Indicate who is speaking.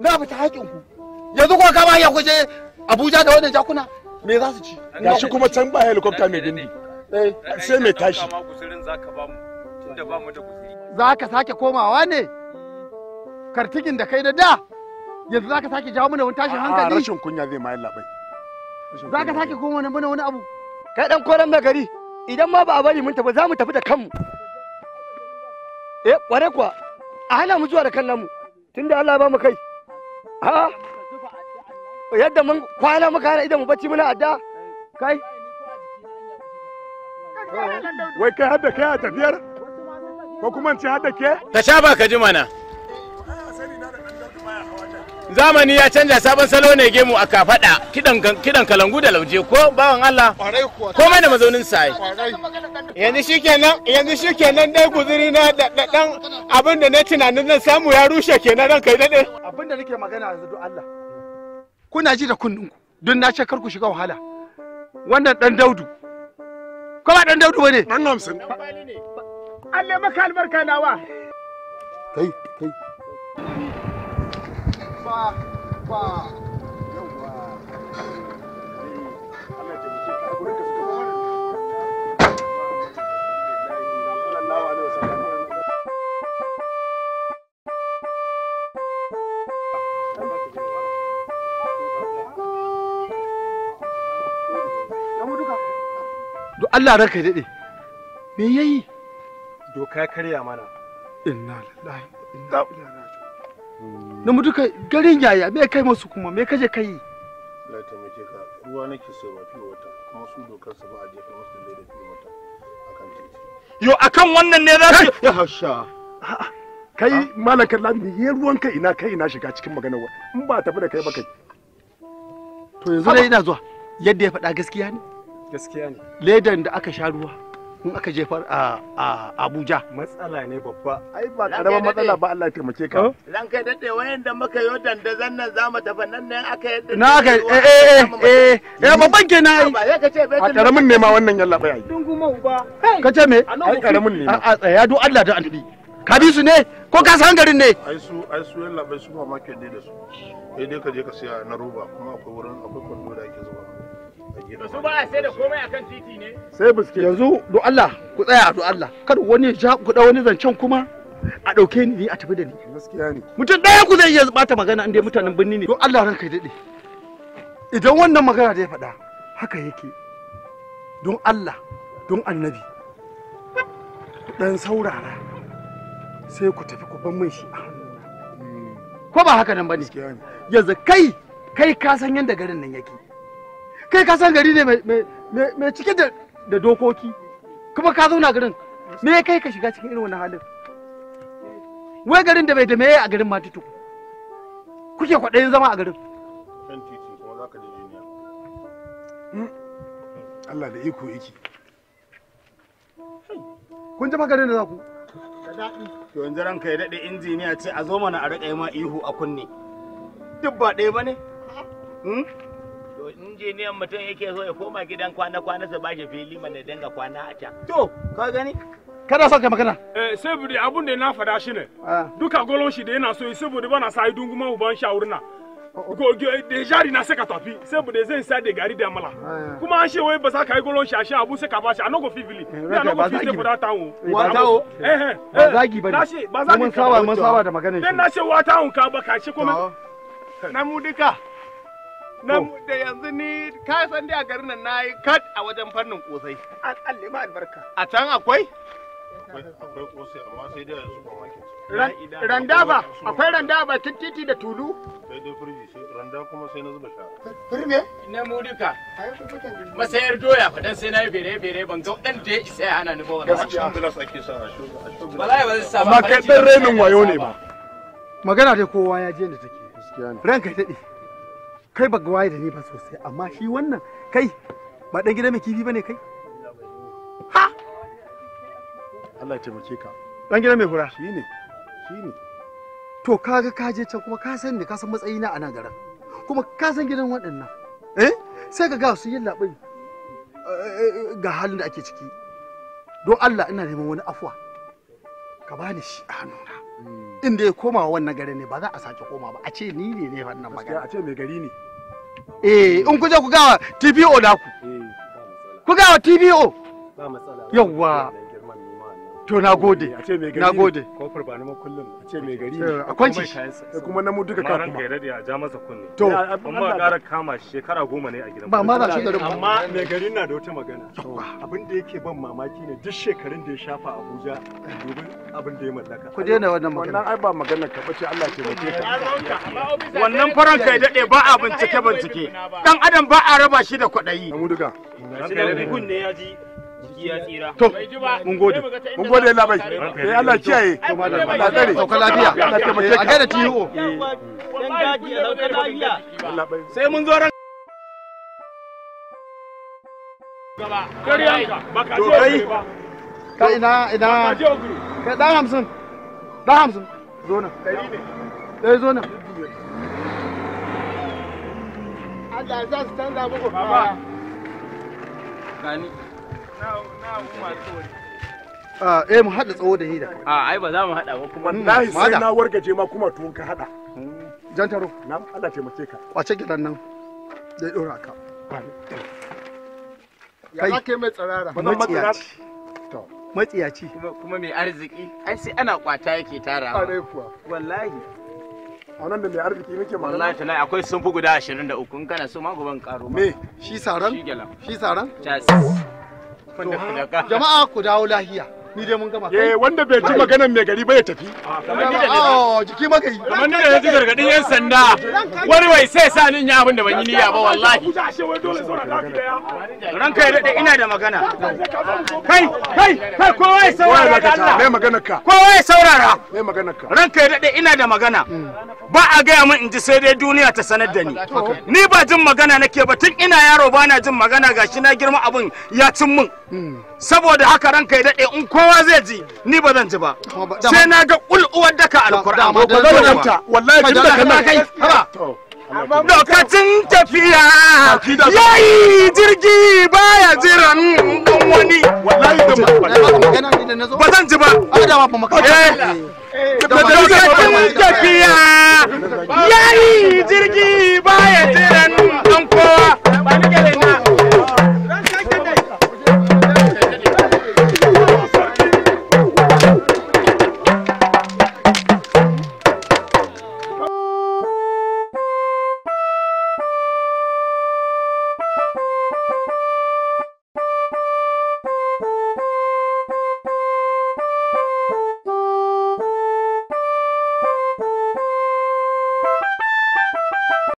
Speaker 1: na fita haƙin ku yanzu ko ka ba ya kuje Abuja da wannan jakuna me za su ci shi kuma can ba helicopter mai gindi eh. sai mai tashi za ka sake komawa ne kartikin da kai da da yanzu za ka sake jawo mana wani tashin ah, hankali rashin kunya zai ma labai za ka sake koma mana wani abu kai dan koran mai gari idan ma ba a bari mun tafi za mu tafi da kanmu eh kware kuwa a hana mu zuwa da kan namu tunda Allah ya ba mu kai ha yadda mun kwana muka hana idan mu bacci muna adda kai wai kai hadda kai a tafiyar ko kuma ce hadda ke ta sha ba ka ji mana zamani ya canja sabon salo ne gemu a kafada kidan kalangu da lauje ko bawan Allah ko mai da mazaunin sai yanzu shikenan yanzu shikenan dai guzuri na da dan abin da na tunanin zan samu ya rushe kenan ran kai dade abin da nake magana yanzu don Allah kuna ji da kunninku don na ce kar ku shiga wahala wannan dan daudu ko ba dan daudu bane dan hamsin Allah maka albarka nawa kai kai ba ba duk Allah ranka daɗe me yayi doka karya mana inna lillahi inna ilaihi raji'un na mutu kai garin yaya me kai musu kuma me kaje kai Allah ta mike ka ruwa nake so ba fiye wata kuma su dokar su ba a jefa musu da da fiye wata akan titi yo akan wannan ne za su ya hasha kai malakan labi ne ruwan kai ina kai ina shiga cikin maganar in ba tafi da kai ba kai to yanzu dai ina zuwa yadda ya faɗa gaskiya ne gaskiya ne ledan da aka sha ruwa in aka jefar a abuja matsala ne babba ai ba karamar matsala ba allah mace ka oh? ran kai dade wayan da muka yi danda zannan za mu tafi nan ne aka yi na aka eh eh eh, eh eh eh babban ke na yi a karamin ne ma wannan yalla bai dunguma uba ka ce me ai karamin ne a tsaya do allah da annabi ka bi su ne ko ka san garin ne ai su ai su yalla bai su ba ma ke da su eh dai ka je ka siya na roba kuma akwai wurin akwai kwando da ake zuba su ba sai da komai akan titi ne sai yanzu do Allah ku tsaya do Allah kada wani ja ku da wani zancen kuma a dauke ni a tafi da ni gaskiya ne mutum daya ku zai iya bata magana inda mutanen birni ne do Allah ranka ya dade idan wannan magana da ya faɗa haka yake don Allah don annabi dan saurara sai ku tafi ku ban mai shi a hannuna mm. ko ba haka nan bane yanzu kai kai ka san yadda garin nan yake kai ka san gari ne mai cike da dokoki kuma ka zauna garin me ya kai ka shiga cikin irin wannan halin wai garin da bai da meye a garin matutu kuke kwaɗayin zama a garin hmm? Allah da iko iki kun jama garin da za ku to yanzu ranka ya daɗe injiniya ce a zo mana a riƙa yi ma ihu a kunne duk ba ɗaya ba ne to ne mutum yake so ya koma gidan kwana kwana ba shi fili mana danga kwana a can to ka gani kada sa ka magana eh saboda abun da na fada shi ne ah. duka golon shi da yana so saboda bana sai dunguma uban shawurna oh, oh. deja ri na ka tafi saboda zan sai da gari da mala ah, kuma an she wai ba sa kai golon shi a sha abu sai ka ba a nago fifili ya eh, nago fifili ba ta wo wa ta eh eh ba eh. zagi ba ne mun sawa mun sawa da maganar shi dan na she wa ta ka ba ka shi kuma na mu duka nan da yanzu ni ka san dai a garin nan nayi kat a wajen fannin kosai an kalle ma albarka a can akwai akwai kosai amma sai dai yanzu ba wake randa akwai randaba ba titi da tulu sai dai firji sai randa kuma sai na zuba shara firme na murika masayar doya fa dan sai nayi bere bere ban ga dan da ya isa ya hana ni ba wannan gaskiya Allah sake sa a shugo wallahi ba zai sa ba amma kai dan renin wayo ne ba magana dai kowa ya je ne take gaskiya ne ranka ta dai kai ba waye da ni ba sosai amma shi wannan kai ba dan gida mai kifi bane kai ha Allah ya taimake ka dan gida mai hura shine shine to kaga ka je can kuma ka san ni ka san matsayina a nan garin kuma ka san gidan waɗannan eh sai ka ga su yin labai eh, ga halin da ake ciki don Allah ina neman wani afuwa ka bani shi a hannuna hmm. inda ya koma wannan garin ne ba za a sake koma ba a ce ni ne ne wannan magana a ce mai gari ne eh in ku je ku gawa TPO naku eh, ku gawa TPO yawwa to na gode a ce mai gari na gode kofar ba na kullum. a ce mai gari eh, a kwanci da eh, kuma na mu duka ka kuma ranka ya ja masa kunne to amma a ƙara kama shekara goma ne a gidan ba ma za shi garin amma mai gari na da wata magana abin da yake ban mamaki ne duk shekarun da ya shafa Abuja dubi abin da ya mallaka ku daina wannan magana wannan ai ba magana ka bace Allah ke bace ka wannan faran kai dade ba a bincike bincike dan adam ba a raba shi da kwadayi mu duka kunne ya ji to mun gode mun gode Allah bai sai eh, Allah kiyaye Allah tsare sauka lafiya Allah a gaida tiyo dan sai mun zo ran gaba kai ka ina ina kai dan hamsin dan hamsin zo nan kai ne dai eh, zo nan Allah ya sa su canza muku baba gani a ah, eh mu haɗa tsawo da ni a ah, ai ba za mu haɗa ba kuma na mm, sai na wargaje ma kuma tuwon ka haɗa mm. jan taro na Allah taimake ka kwace gidan nan zai ɗora ka Ya ya ke mai tsarara maciyaci to kuma mai arziki ai sai ana kwata yake tara a kuwa wallahi a nan da mai arziki muke ma wallahi ta akwai sun fi guda 23 in kana so ma guban karo ma me shi saran shi saran jama'a ku dawo lahiya ni dai mun gama eh wanda bai ji maganar mai gari ba tafi yan sanda sai sa nin ya da ban yi niyya ba wallahi ranka ya ina da magana kai kai kai saurara Allah ina da magana hmm. ba a gaya min in ji sai dai duniya ta sanar da ni ni ba jin magana nake ba tun ina yaro ba na jin magana gashi na girma abin ya cin min hmm. saboda haka ranka ya dade in ko kowa zai ji ni ba zan ji ba sai na ga daka alkur'an ba zan wallahi da kana kai lokacin tafiya yayi jirgi baya jiran wani wallahi ba zan ji ba tafiya yayi jirgi